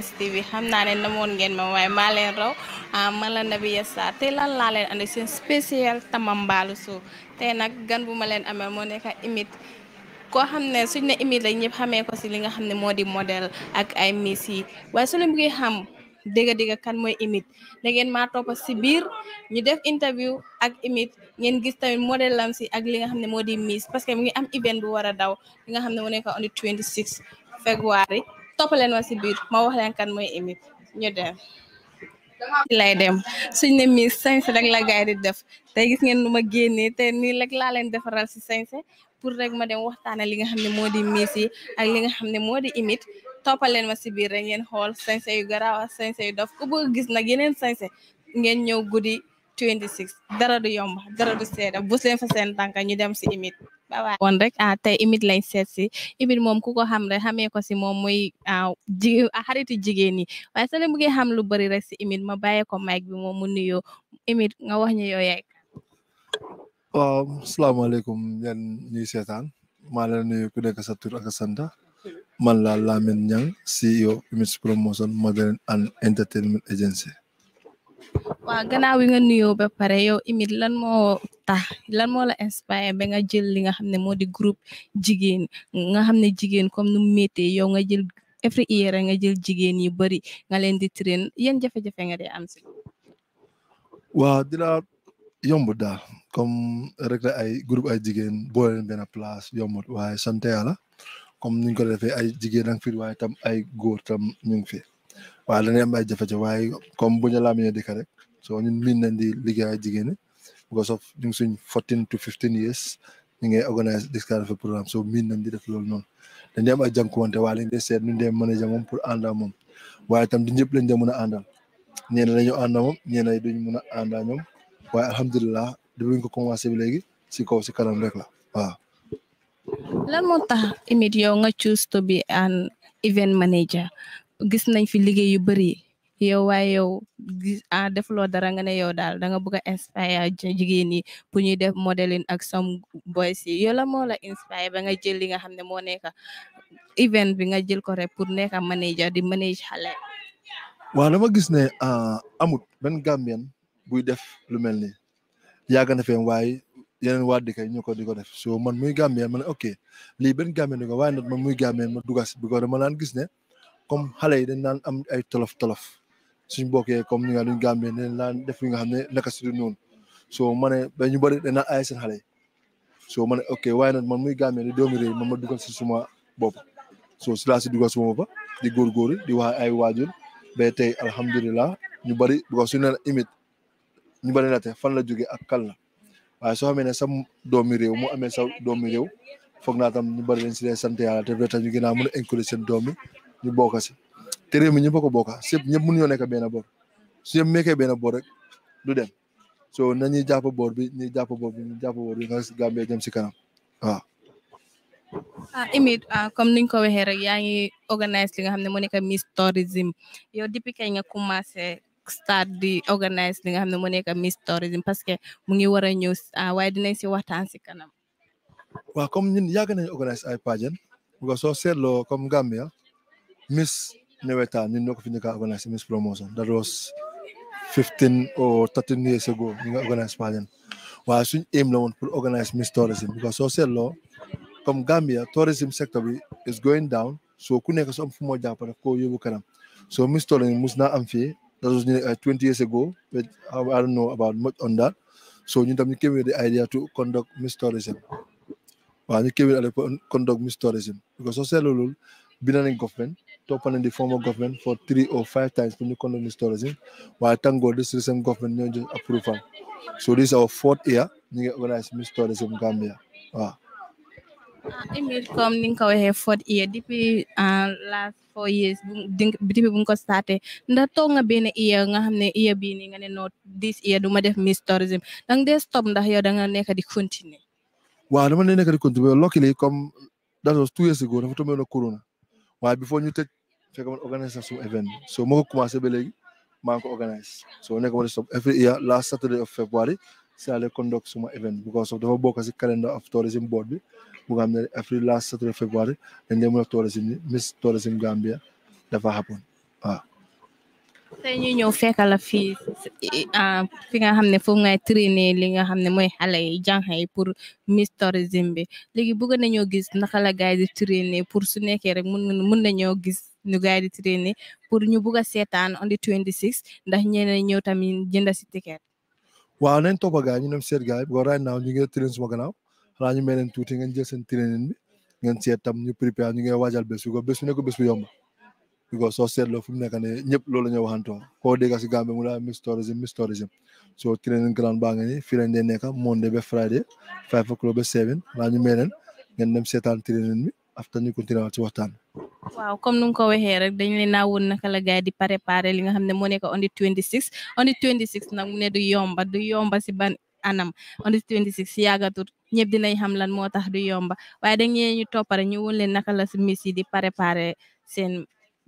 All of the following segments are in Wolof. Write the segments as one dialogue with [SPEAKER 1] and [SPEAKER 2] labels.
[SPEAKER 1] TV xam naa ne namoon ngeen ma waaye maa leen raw ah, ma la Nabiya Sarr te lan laa leen andi seen spécial Tambambalu Show tey nag gan bu ma leen amee moo nekk imit koo xam ne suñ ne imit lañ ñëpp xamee ko si li nga xam ne moo di modèle ak ay miss yi waaye su leen xam dégga dégga kan mooy imit da ngeen maa topp si biir ñu def interview ak imit ngeen gis tamit modèle lam si ak li nga xam ne moo di miss parce que mu ngi am event bu war a daw li xam ne moo nekk topp leen ma ci biir ma wax leen kan mooy imit ñu dem lay dem suñ ne mi sañse rek la gaay di def tey gis ngeen nu ma génnee te rek laa leen defaral si sañse pour rek ma dem waxtaane li nga xam ne moo di miis yi ak li nga xam ne moo di imit toppaleen ma si biir rek ngeen xool sañse yu garaaw ak sañse yu dof ku bëgg gis nag yeneen sañse ngeen ñëw guddi 26 dara du yomb dara du seeda bus leen fa seen tànka ñu dem si imit won rek ah tay imit lañ sétsi imit moom ku ko xam rek xamé ko ci mom muy ah, ji xaritu ah, jigéen ñi waaye sa leen xam lu bari rek si imit ma bàyyee ko mic bi mom mu nuyo imit nga wax ñu ak
[SPEAKER 2] wa waaw alaykum ñen ñi sétan ma la nuyo ku nekk sa tour ak santa man la lamine Ñang CEO imit Promotion modern and Entertainment Agency
[SPEAKER 1] waaw gannaaw yi nga nuyoo ba pare yow Emid lan moo tax lan moo la inspire ba nga jël li nga xam ne moo di groupe jigéen nga xam ne jigéen comme nu méttee yow nga jël every year nga jël jigéen yu bari nga leen di train yan jafe-jafe nga de am si
[SPEAKER 2] waaw di daal comme rek ay groupe ay jigéen boole leen benn place yombut waaye sant yàlla comme nuñ ko defee ay jigéen a ngi tam ay góor tam ñu ngi fi waaye dañuy am ay jafe-jafe waaye comme bu ñu laamee rek so ñun miin nañ di liggéey jigéen ñi because of ñu suñ fourteen to fifteen years ñu ngi organise this kind of a programme so miin nañ di def loolu noonu dañ dee am ay jànkuwante waaye lañ dee seet ñu dee manager moom pour ànda moom waaye itam di ñëpp lañ dee mën a àndal ñeen la ñu ànda moom ñeen ay duñ mën a ànda ñoom waaye alhamdulilah dabuñ ko commencé bi léegi si kaw si kanam rek la waaw
[SPEAKER 1] lan moo tax imit yow nga choose to be an event manager gis nañ fi liggéey yu bëri yow way yow a lo dara nga ne yow dal da nga bëgg inspire jigéen yi pour ñuy def modeling ak some boys yi yow la moo la inspire ba nga jël li nga xamne mo nekk event bi nga jël ko rek pour nekk manager di manage xalé e.
[SPEAKER 2] wa dama gis ne ah, amut ben Gambien buy def lu melni yag na fe way yenen waa dikay ñuko diko def so man muy Gambien man ok li ben Gambien nga way waaye man muy Gambien ma dugas bi ko dama lan gis ne comme xalé yi e, dañ nan am ay tolof tolof suñ bokké comme ni nga duñ gambee ne laan def nga xamné naka ci du noonu so mané ba ñu bari dina ay seen xalé so mané oké ok waaye man muy gambé ne doomi réew man ma dugal si suma bop so ci la ci duggal suma bop di gor di wax ay wajur bay tay alhamdullilah ñu bari because suñ imit ñu la té fan la jógee ak kal la waaye soo xamee ne sa doomi réew mu amé sa doomi réew foog na tam ñu bari leen ci leen santé yalla té vrai ñu gën mëna mën a encourage ñu bokk te réew mi ñëpp ko bokk si ñëpp mënuñoo nekk benn bor su ñëpp nekkee benn bor rek du dem so nañuy jàpp bor bi ñuy jàpp bor bi ñuy jàpp bor bi nga Gambia jëm si kanam waaw.
[SPEAKER 1] ah imit ah comme niñ ko waxee rek yaa ngi organise li nga xam ne moo nekk Miss Tourism yow depuis kay nga commencé start di organise li nga xam ne moo nekk Miss Tourism parce que mu ngi war a ñëw ah, waaye dinañ si waxtaan si kanam.
[SPEAKER 2] waaw comme ñun yàgg nañu organise ay pageant nga soo seetloo comme Gambia Miss Neweta Nino Kofinika organized Miss Promotion. That was 15 or 13 years ago, you organized pageant. Well, I should aim down to organize Miss Tourism because social law, come Gambia, tourism sector is going down. So, Kuneka some the of Japan, Koyubukanam. So, Miss Tourism must not amfi. That was uh, 20 years ago, but I don't know about much on that. So, you came with the idea to conduct Miss Tourism. Well, you came with the conduct Miss Tourism because social law, been in government. toppalin the former government for three or five times for new condominium tourism. But eh? I thank God this recent government you just approved. So this is our fourth year ñu organise Miss Tourism Gambia waaw. Uh,
[SPEAKER 1] Emile comme ni nga ko waxee fourth year depuis uh, last four years depuis bu nga ko starté ndax toog nga benn year nga xam ne year bii nii nga ne no this year du ma def Miss Tourism da nga dee stop da nga nekk di continuer.
[SPEAKER 2] waaw dama ne nekk di continuer luckily comme that was two years ago dafa tombé na corona. waaye before ñu take, fekk man organise sax event so ma ko commencé ba léegi maa ngi organise so nekk stop every year last Saturday of February si ale conduct some event because of dafa bokk si calendar of tourism board bi bu every last Saturday of February and dee mën tourism Miss Tourism Gambia dafa happen
[SPEAKER 1] tey ñu ñëw fekkal la fii ah, fi nga xam ne foofu ngay traîner li nga xam ne mooy xale yi jànq yi pour Miss Tourism bi léegi bëgg nañoo gis naka la gaay di traîner pour su nekkee rek mun mun nañoo gis ñu gaay di traîner pour ñu bëgg a seetaan on the 26 ndax ñeneen ñëw tamit jënda si ticket
[SPEAKER 2] waaw nañ topp gaay ñu dem seet gaay because right now ñu ngi train suma gannaaw xanaa tuuti ngeen jël seen training bi ngeen seet tam ñu prépare ñu ngi waajal ko bés bi yomb because soo seetloo fu mu nekk ne ñëpp loolu la ñu waxantoo koo dégg si Gambie mu la mix tourism mix training ground baa nga ni fii lañ dee Monday ba Friday five o'clock ba seven laa ñu meeneen ngeen training bi after ñu continuer ci waxtaan
[SPEAKER 1] waaw comme nu nga rek dañ leen naa naka la gaay di préparer li xam ne moo nekk on the 26 on the nag mu du yomba du yomba si ban anam on the 26 yàggatul ñëpp dinañ xam lan moo tax du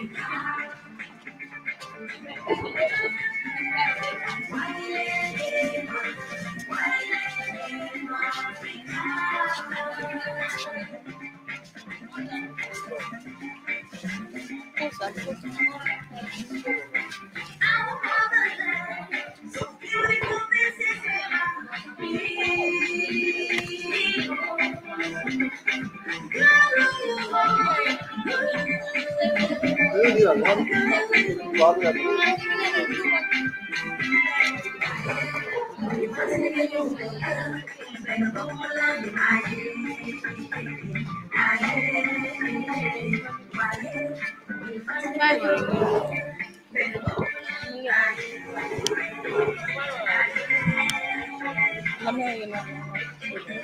[SPEAKER 3] Thank you.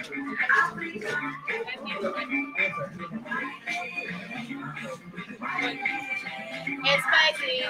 [SPEAKER 3] It's
[SPEAKER 2] spicy.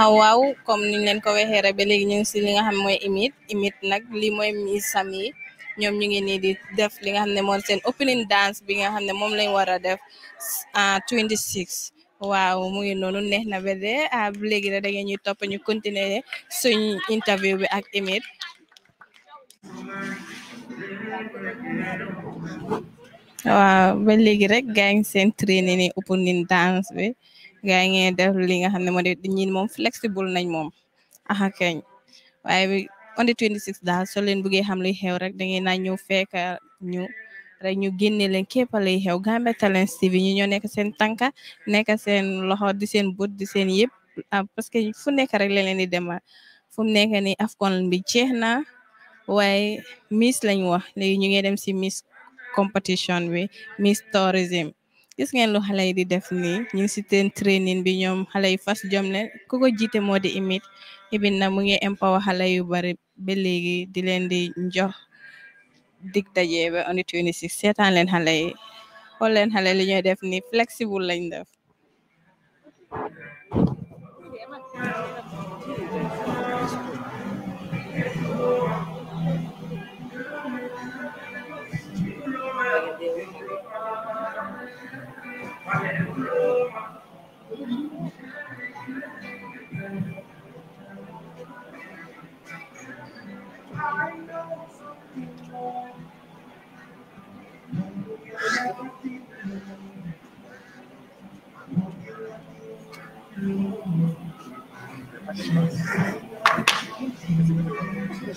[SPEAKER 1] Ah, waaw kom niñ leen ko waxee rek ba léegi ñu ngi si li nga xam mooy imit imit nag li mooy mi Sami ñoom ñu ngi nii di def li nga xam ne mooy seen opening dance bi nga xam ne moom lañ war a def 26 ah, waaw mu ngi noonu neex na ba de ah, bu léegi rek da ngeen ñuy topp ñu continuer suñ interview bi ak imit waaw ba léegi rek gaa ngi seen training ni opening dance bi. gaa yi ngeen def li nga xam ne moo de ñin moom flexible nañ moom aha keñ waaye on the 26 daal soo leen bëggee xam luy xew rek da ngeen naa ñëw fekk ñu rek ñu génne leen képp luy xew Gambian Talents TV ñu ñoo nekk seen tànka nekk seen loxo di seen bët di seen yëpp ah, parce que fu nekk rek la leen di demal fu nekk ni afcon bi jeex na waaye miss lañ wax léegi ñu ngi dem si miss competition bi miss tourism gis ngeen lu xale di def nii ñu ngi si teen training bi ñoom xale yi fas jom leen ku ko jiite moo di imit ibin na mu ngi empower xale yu bari ba léegi di leen di jox dig dajee ba on the seetaan leen xale yi xool leen xale li ñuy def nii flexible lañ def.
[SPEAKER 3] します。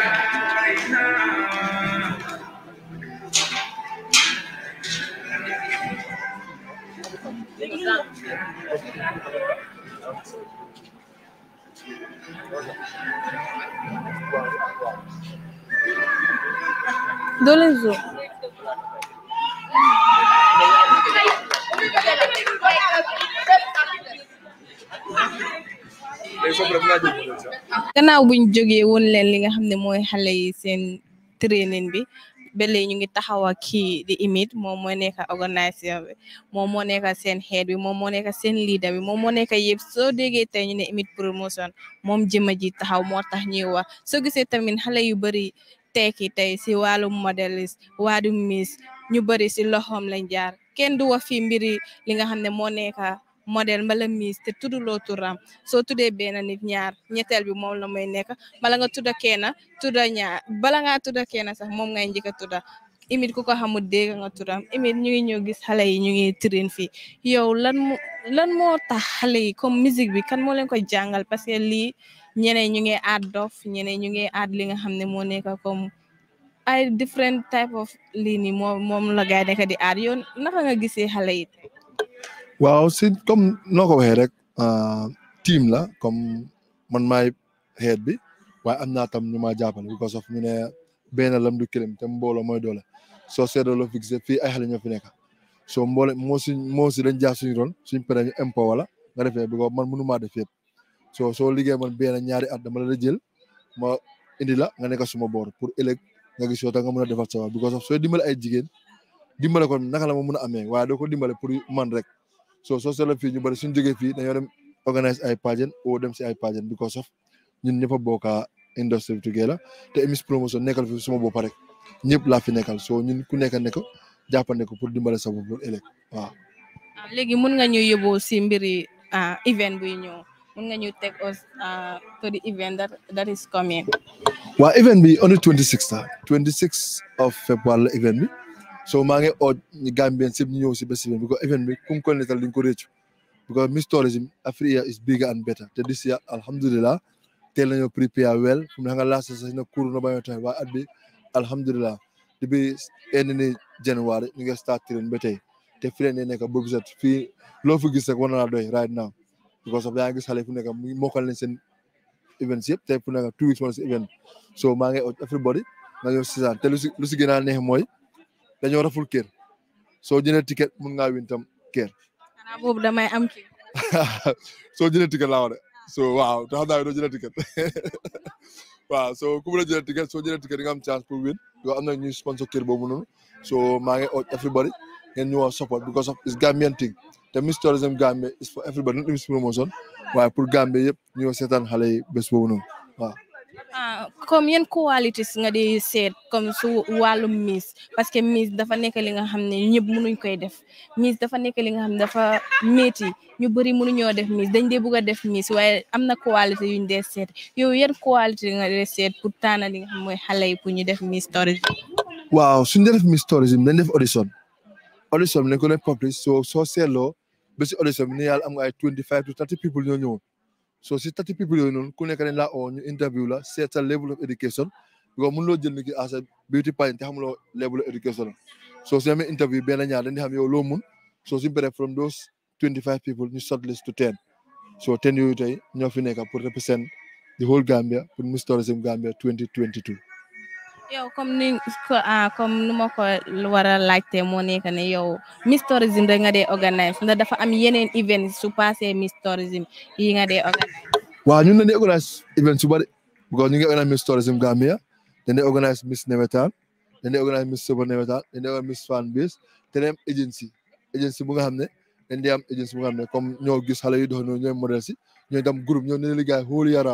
[SPEAKER 1] zo gannaaw buñ jógee woon leen li nga xam ne mooy xale yi seen training bi bele ñu ngi taxaw ak kii di imit moom moo nekk organisation bi moom moo nekk seen head bi moom moo nekk seen leader bi moom moo nekk yëpp soo déggee tey ñu ne imit promotion moom jëma ji taxaw moo tax ñuy wax soo gisee tamit xale yu bari teki tay si walu modelis wadumis miss ñu bari ken loxom lañ jaar kenn du wax fi mbiri li nga xamne ne moo model mbala miss te lo turam so tudde ben nit ñaar ñettel bi mom la may nekk mala nga tudda kena tudda ñaar bala nga tudda kena sax mom ngay njëkk tudda imit ku ko xamul nga turam imit ñu ngi ñëw gis xalé yi ñu ngi train fi yow lan lan mo tax xalé yi comme musique bi kan mo leen ko jangal parce que li ñeneen ñu ngi add dof ñeneen ñu ngi add li nga xam ne moo nekk comme ay different type of lii nii moom moom la di add yoon naka nga gisee xale yi.
[SPEAKER 2] waaw si comme noo ko waxee rek ah, team la comme man maay head bi waaye am naa tam ñu ma jàppale because of ñu ne benn lam du kilim te mbooloo mooy doole soo seetloo la fixé ay xale ñoo fi nekk soo mboole moo si moo si dañ jaar suñu rôle suñ pare ñu impo wala nga defee bi ko man mënu maa def yëpp So so ligue man ben ñaari at dama la la jël ma indi la nga nek suma bor pour elek nga gis yoo ta nga mëna sa because so dimbal ay jigen dimbal kon naka la ma mëna amé amee mandrek. So ko dimbalé pour man rek so so la fi ñu bari suñu fi dañu dem organize ay pageant o dem si ay pageant because of ñun ñëpp boka industry together te Emis Promotion nekkal fi suma bopp rek ñëpp la fi nekkal so ñun ku nekk nekk jàppande ko pour dimbalé sa bopp pour elek waaw.
[SPEAKER 1] légui mun nga ñu yóbbu ci mbiri ah, event bu ñëw. when you take us uh, to the event that, that is coming?
[SPEAKER 2] Well, event be on the 26th, 26th ah, of February event. So mange or Gambian sib ñew ci because event bi kum ko netal dañ ko réccu because Miss Tourism Africa is bigger and better. Te this year alhamdulillah teel nañu prepare well fu nga last sax na cour no bañu tay bi alhamdulillah di bi end January ñu nga start train ba tey te fi leen nekk bëgg set fii loo fi gis rek war na laa right now because of yaa ngi gis ne fu nekk mu mokkal nañ seen events yëpp tey fu two weeks moo si so maa ngi everybody nga ñëw sisaan te lu si lu si gën a neex mooy dañoo raful kër soo jëlee ticket mun ngaa win tam kër.
[SPEAKER 1] xanaa boobu damay am kër.
[SPEAKER 2] soo jëlee ticket laa wax so waaw te doo jëlee ticket waaw soo ku mun a jëlee ticket soo jëlee ticket nga am chance pour win yoo am na ñuy sponsor kër boobu noonu so maa ngi everybody ngeen ñu war support because of it's Gambian thing te Miss Tourism Gambia is for everybody not Miss Promotion waaye pour Gambia yëpp ñoo seetaan xale yi bés boobu noonu waaw.
[SPEAKER 1] ah comme yenn qualities nga di seet comme su wàllum Miss parce que Miss dafa nekk li nga xam ne ñëpp mënuñ koy def Miss dafa nekk li nga xam ne dafa métti ñu bëri mënuñoo def Miss dañ dee bugg def Miss waaye am na qualité yuñ dee seet yow yenn qualité nga dee seet pour tànn li nga xam mooy xale yi pour ñu def
[SPEAKER 2] Miss Tourism. waaw suñu def Miss Tourism dañ def audition. audition bi nañ ko doon publish so soo seetloo ba si audition bi ne yàlla am nga ay twenty five to thirty people ñoo ñëwoon so si thirty people yooyu noonu ku nekk dañ laa oo ñu interview la seet sa level of education because mënuloo jël nit ki as a beauty pageant have xamuloo level of education la so si amee interview benn ñaar dañ they have yow loo mun so si from those twenty five people ñu shortlist to ten so ten you today, you have nekk pour represent the whole Gambia pour Mr. Tourism Gambia 2022
[SPEAKER 1] yow comme ni ah, comme nu ma ko war a laajte moo nekk ne yow Miss Tourism rek nga dee organise ndax dafa am yeneen event su passé Miss Tourism yi nga dee organise
[SPEAKER 2] waaw ñun dañuy organise event su bari because ñu ngi organise Miss Tourism Gambia dañuy organise Miss Nevetaan dañuy organise Miss Sobo Nevetaan dañuy organise Miss Fan Base te dañuy am agency agency bu nga xam ne dañ dee am agency bu nga xam ne comme ñoo gis xale yu dox noonu ñooy modèle si ñooy dem groupe whole year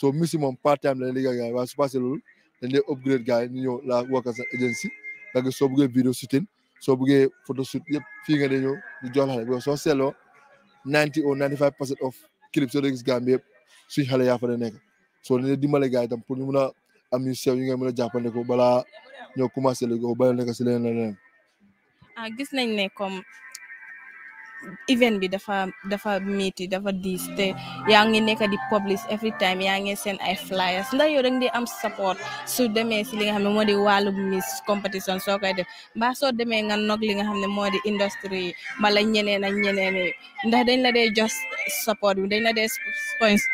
[SPEAKER 2] so Miss moom part time la liggéey waaye su passé loolu dañ lay upgrade gars yi ñu ñëw la work as an agency nga gis soo buggee vidéo shooting soo buggee photo shoot yëpp fii nga dee ñëw soo seetloo ninety or ninety five percent of clip soo dee gis gars bi yëpp suñ xale yaa soo dañ lay dimbale gars yi tam pour ñu mun a am balaa ñoo commencé léegi ko bàyyi nekk si leneen leneen
[SPEAKER 1] ah, event bi dafa dafa metti dafa diis te yaa ngi nekk di publish every time yaa ngi seen ay flyers ndax yow rek di am support su demee si li nga xam ne moo di wàllu miss competition soo koy def mbaa soo demee nga nog li nga xam ne moo di industrie yi mbala ñeneen ak ñeneen ndax dañ la dee just support bi dañ la dee
[SPEAKER 2] sponsor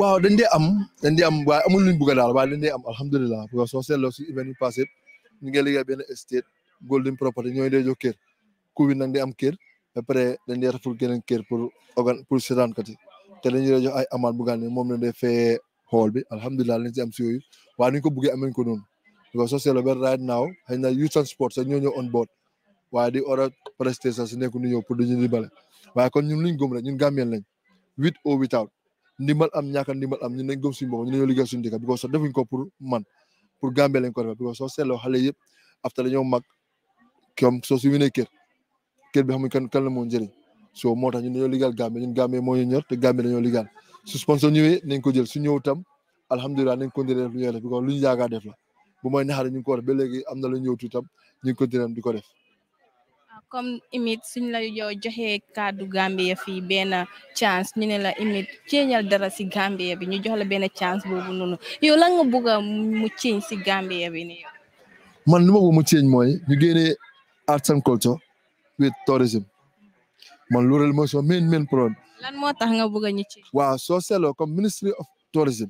[SPEAKER 2] waaw dañ dee am dañ am waaye amul luñ bëgg daal waaye dañ dee am alhamdulilah parce que soo seetloo si event yi passé ñu ngi liggéey benn estate golden ñoo ñooy dee jox kër ku wi di am kër ba pare dañ dee rafetlu geneen kër pour organ pour te dañuy jox ay amaan bu nga xam ne moom lañ dee fee xool bi alhamdulilah lañ am si yooyu waaye ni ñu ko buggee amee ko noonu because soo seetloo ba right now xëy na youth and sport sax ñoo ñëw on board waaye di ora prestation si nekku nu ñëw pour duñu dimbale waaye kon ñun liñ gëm rek ñun gàmmeel lañ with or without ndimbal am ñaaka ndimbal am ñun dañ gëm suñu bopp ñu dañoo liggéey suñu dëkk because soo ko pour man pour gàmmeel lañ ko defee because soo seetloo xale yëpp after dañoo mag comme soo kër bi xamuñ kan kan la mo njëriñ so motax ñu ñun ligal ligaal Gambie ñun mo moo ñu ñor te Gambie dañu ligal su sponsor ñëwee nañ ko jël su ñëw tam alhamdullilah nañ ko def lu ñuy def ko lu ñu def la bu moy ñu ko war ba légui amna lu ñëw tuuti tam ñu ko continuer di def
[SPEAKER 1] comme imit suñ la yow joxé cadeau Gambia fi ben chance ñu né la imit ceeñal dara si Gambia bi ñu jox la ben chance bobu nunu yow yo nga bëgg mu ceeñ si Gambia bi ni yow
[SPEAKER 2] man lu mo bëgg mu ceeñ moy ñu gëné arts and culture with tourism man loolu mooy soo main main problème.
[SPEAKER 1] lan moo tax
[SPEAKER 2] soo seetloo comme ministry of tourism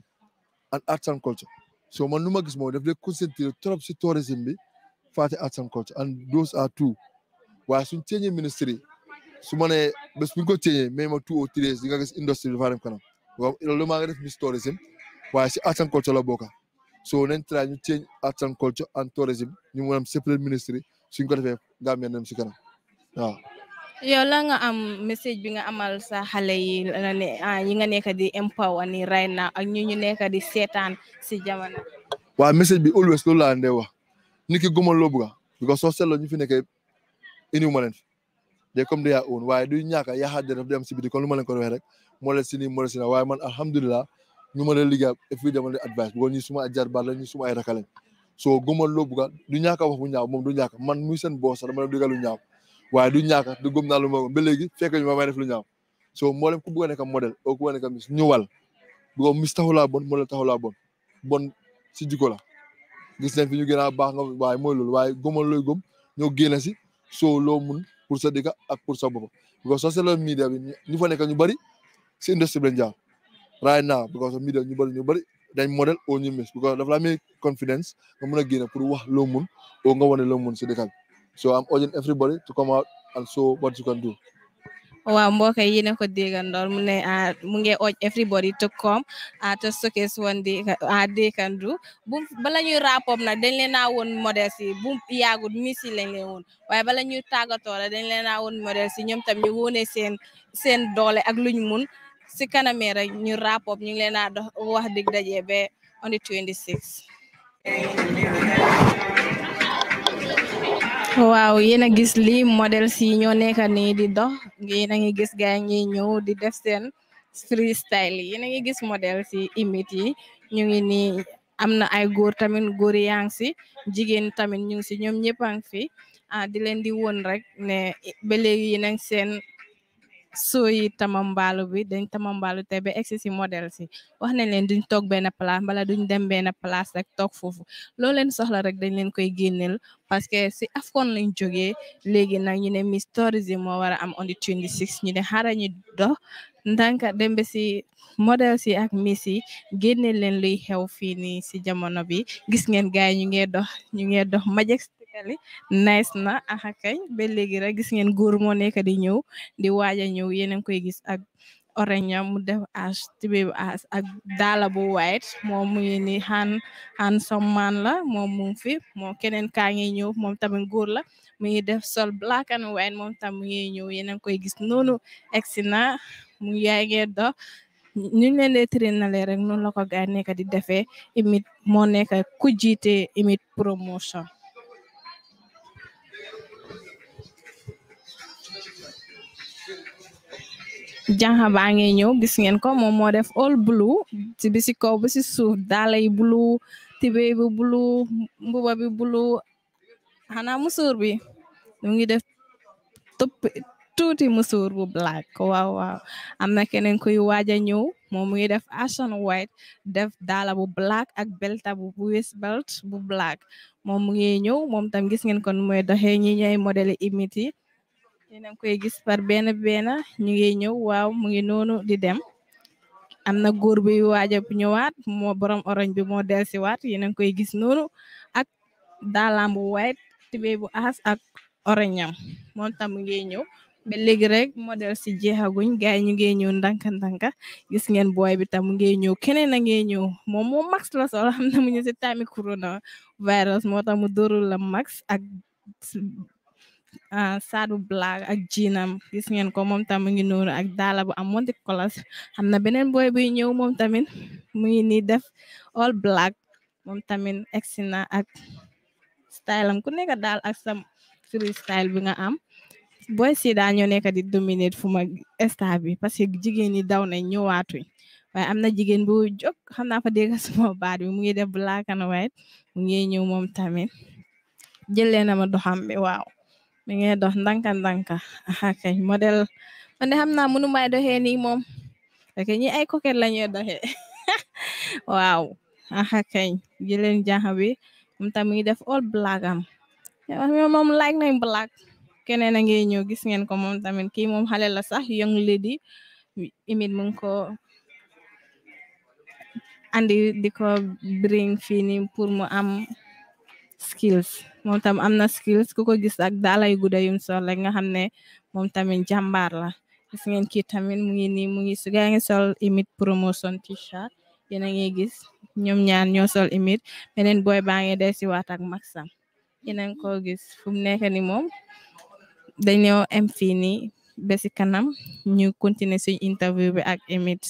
[SPEAKER 2] and arts and culture so man lu ma gis moom daf lay concentré trop si tourism bi faati arts and culture and those are two waaye suñ ceeñee ministry su ma nee bés bu ñu ko ceeñee mais ma two or three days nga gis industrie bi faa dem kanam loolu maa ngi def mis tourism waaye si arts and culture la bokka so nañ try ñu change arts and culture and tourism ñu mën am separate ministry suñ ko defee Gambia dem si kanam. waaw oh.
[SPEAKER 1] yow la nga am um, message bi nga amal sa xalé yi la ah yi nga nekk di empower ni right now ak ñu ñu nekk di seetaan si jamana
[SPEAKER 2] wa message bi always loolu laa ndee wax nit because sel lo ñu fi nekkee indiwuma leen fi de comme de yaa own waaye du ñaka ya yaxaat de dem ci biti kon lu ma leen ko wax rek mo leen sini mo moo leen way man alhamdullilah ñu ma leen ligga et fi demal advice bu ko ñu suma ajar ba la ñu suma ay rakalé so guman loo bëgga du ñaka wax bu ñaaw mom du ñaka man muy sen boos dama la waaye du ñaaka du gum naa lu ma ba léegi fekk ñu ma may def lu ñaaw so mboolem ku bëgg a nekk model oo ku bëgg a nekk mis ñëwal bu ko mis taxulaa bon modèle taxulaa bon bon si jikko la gis nañ fi ñu gën a baax nga waaye mooy loolu waaye gëmal looy gëm ñoo génn si soo loo mun pour sa dëkk ak pour sa bopp because soo seetloo media bi ñu fa nekk ñu bari si industrie bi lañ jaar right now because media ñu bari ñu bari dañ model oo ñu mis ko dafa la amee confidence nga mun a génn pour wax loo mun o nga wane loo mun si dëkk bi so I'm urging everybody to come out and show what you can do.
[SPEAKER 1] waaw mbokk yi ko déggandoor mu ne mu ngi ooj everybody to come to showcase one day they can do bu bala ñuy rapport nag dañ leen a woon si bu yaagut miss yi lañ leen woon waaye bala la dañ leen a woon si ñoom tam ñu wone seen seen doole mun si kanamee rek ñu rapport ñu wax dig daje on the 26. waaw yéen a gis lii modèles yi ñoo nekk nii di dox yéen a ngi gis gaay ñi ñëw di def seen freestyle yéen a ngi gis modèles si imit yi ñu ngi nii am na ay góor tamit góor yaa ngi si jigéen tamit ñu si ñoom ñëpp a fi ah, di leen di woon rek ne ba léegi seen sooyi tamambaalu bi dañ tamambaalu te ba egsi si modèle si wax nañ leen duñ toog benn place mbala duñ dem benn place rek toog foofu loo leen soxla rek dañ leen koy génneel parce que si afcon lañ jógee léegi nag ñu ne Miss Tourism moo war a am on the 26 ñu ne xara ñu dox ndanka dembe si modèle si ak Miss yi génneel leen luy xew fii nii si jamono bi gis ngeen gaay ñu ngee dox ñu ngee dox majex Kelly nice na aha kay ba legui rek gis ngeen goor mo nek di ñew di waaj ñew ñëw koy gis ak oreña mu def ash tibébu as ak dala bu white mo mu yeni ni han handsome man la mo mu fi mo kenen ka ngi ñew mom tamen goor la mu ngi def sol black and white mom tam mu ngi ñew yéen koy gis nonu exina mu yaa do ñu leen di trinale rek noonu la ko gaay nekk di imit mo nekk ku jité imit promotion janxa baa ngay ñëw gis ngeen ko moom moo def all blue bi si kaw ba si suuf daala yi blue tibéy bi blue mbuba bi blue xanaa musuur bi mu ngi def topp tuuti musuur bu black waaw waaw am na keneen kuy waaja ñëw moom muy def ashen white def daala bu black ak belta bu waist belt bu black moom mu ngi ñëw moom tam gis ngeen kon mooy doxee ñi ñooy modèle imiti yéen a koy gis par benn benn ñu ngi ñëw waaw mu ngi noonu di dem am na góor buy waaja a ñëwaat moo borom orange bi moo dellusiwaat yéen a ngi koy gis noonu ak daalam bu white tubéy bu aas ak orange am tam mu ngi ñëw léegi rek model si jeexaguñ gaay ñu ngi ñëw ndanka ndanka gis ngeen booy bi tam mu ngi ñëw keneen a ngi ñëw moom moo max la sol xam na mu si taami corona virus moo tax mu dóorul la max ak a Sadou Black ak jiinam gis ngeen ko moom tam mu ngi noonu ak daala bu am monti kolas am na beneen boy buy ñëw moom tamit mu ngi nii def all black moom tamit egsi na ak style am ku nekk daal ak sa free style bi nga am boy si daa ñoo nekk di dominate fu ma star bi parce que jigéen ñi daw nañ ñëwaatuñ waaye am na jigéen bu jóg xam naa fa dégg sama baat bi mu ngi def black and white mu ngi ñëw moom tamit jëlee na ma doxam bi waaw mi ngi dox ndanka ndanka kay model man de xam naa mënu may doxee nii moom parce ñi ay coquette la ñuy doxee waaw aha kay jëleen jaaxa bi moom tam ngi def all black am ya, moom like nañ black keneen a ngi ñëw gis ngeen ko moom tamit kii moom xale la sax young lady imit mu ko andi di ko bring fii nii pour mu am skills moom tam am na skills ku ko gis ak daala yu gudda yum sol rek nga xam ne moom tamit jàmbaar la gis ngeen kii tamit mu ngi nii mu ngi su gaa ngi sol imit promotion t-shirt yéen a ngi gis ñoom ñaan ñoo sol imit beneen boy baa ngi dee si waat ak maxam yéen a ko gis fu mu ni moom dañoo em fii ni besi kanam ñu continuer suñ interview bi ak imit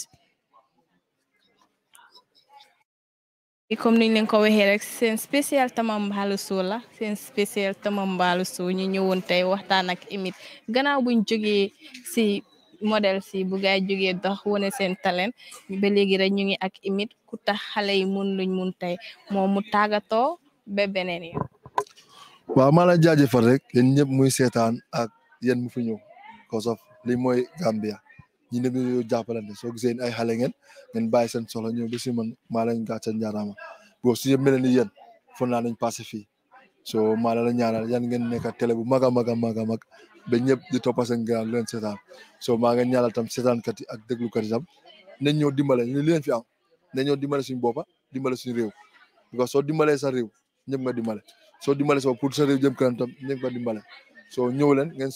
[SPEAKER 1] comme niñ leen ko waxee rek sen spécial balu show la seen spécial balu show ñu ñewon tay waxtaan ak imit gannaaw buñ joggé si model si bu gaay joggé dox woné sen talent ba légui rek ñu ngi ak imit ku tax xalé yi mën luñ mën tay momu tagato be ba yi
[SPEAKER 2] waaw maa leen jaajëfal rek yeen ñëpp muy sétane ak yeen mu fi ñew cause of li moy Gambia ñu ne ñu jàppalante soo gisee ay xale ngeen ngeen bàyyi ba si man maa leen gàcce njaaraama boo su yëpp mel ni yéen foog naa nañ passé fii soo maa la ñaanal yan ngeen nekk télé bu mag a mag a mag a mag ba ñëpp di toppa seen gannaaw leen seetaan soo maa ngeen tam seetaankat yi ak déglukat yi tam nañ ñëw dimbale ñu leen fi am nañ ñëw dimbale suñu boppa dimbale suñu réew because soo dimbalee sa réew ñëpp nga dimbale soo dimbale soo pour sa réew jëm kanam tam ñëpp nga dimbale soo ñëw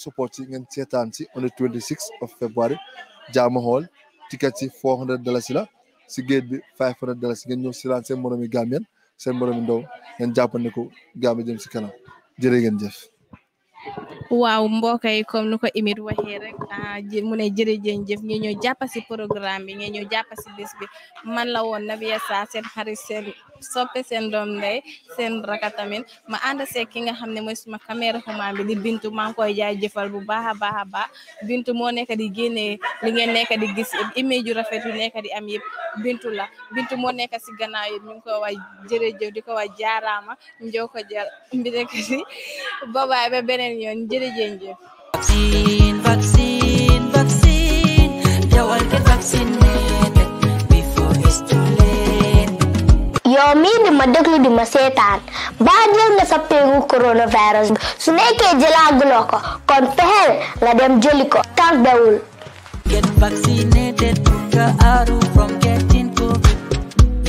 [SPEAKER 2] support si ngeen seetaan si on the 26 of February jaama xool ticket si four hundred dalasi la si géej bi five hundred dalasi ngeen ñëw silaan seen moromi Gambien seen moromi ndaw ngeen jàppandi ko Gambie jëm si kanam jërë ngeen jëf
[SPEAKER 1] waaw mbokk yi comme nu ko imit waxee rek ah, mu ne jërëjëf jëf ngeen ñoo jàpp si programme bi ngeen ñoo jàpp si bés bi man la woon Nabiya Sarr seen xarit seen soppe seen doom ndey seen raka tamit ma ànd see ki nga xam ne mooy suma caméra xumaan bi di bintu maa ngi koy jaay jëfal bu baax a baax a baax bintu moo nekk di génne li ngeen nekk di gis image yu rafet yu di am yëpp bintu la bintu moo nekk si gannaaw yëpp ñu ngi ko waay jërëjëf di ko waay jaaraama njoo ko jar mbi nekk babaay beneen yoon jërë ngeen jëf vaccine vaccine vaccine ke vaccinated
[SPEAKER 3] before it's too late yo mi ni ma déglu di ma seetaan baa jël nga sa péngu coronavirus su nekkee jëlaaguloo ko kon fexeel la dem jëli ko tardawul
[SPEAKER 1] get vaccinated to get out from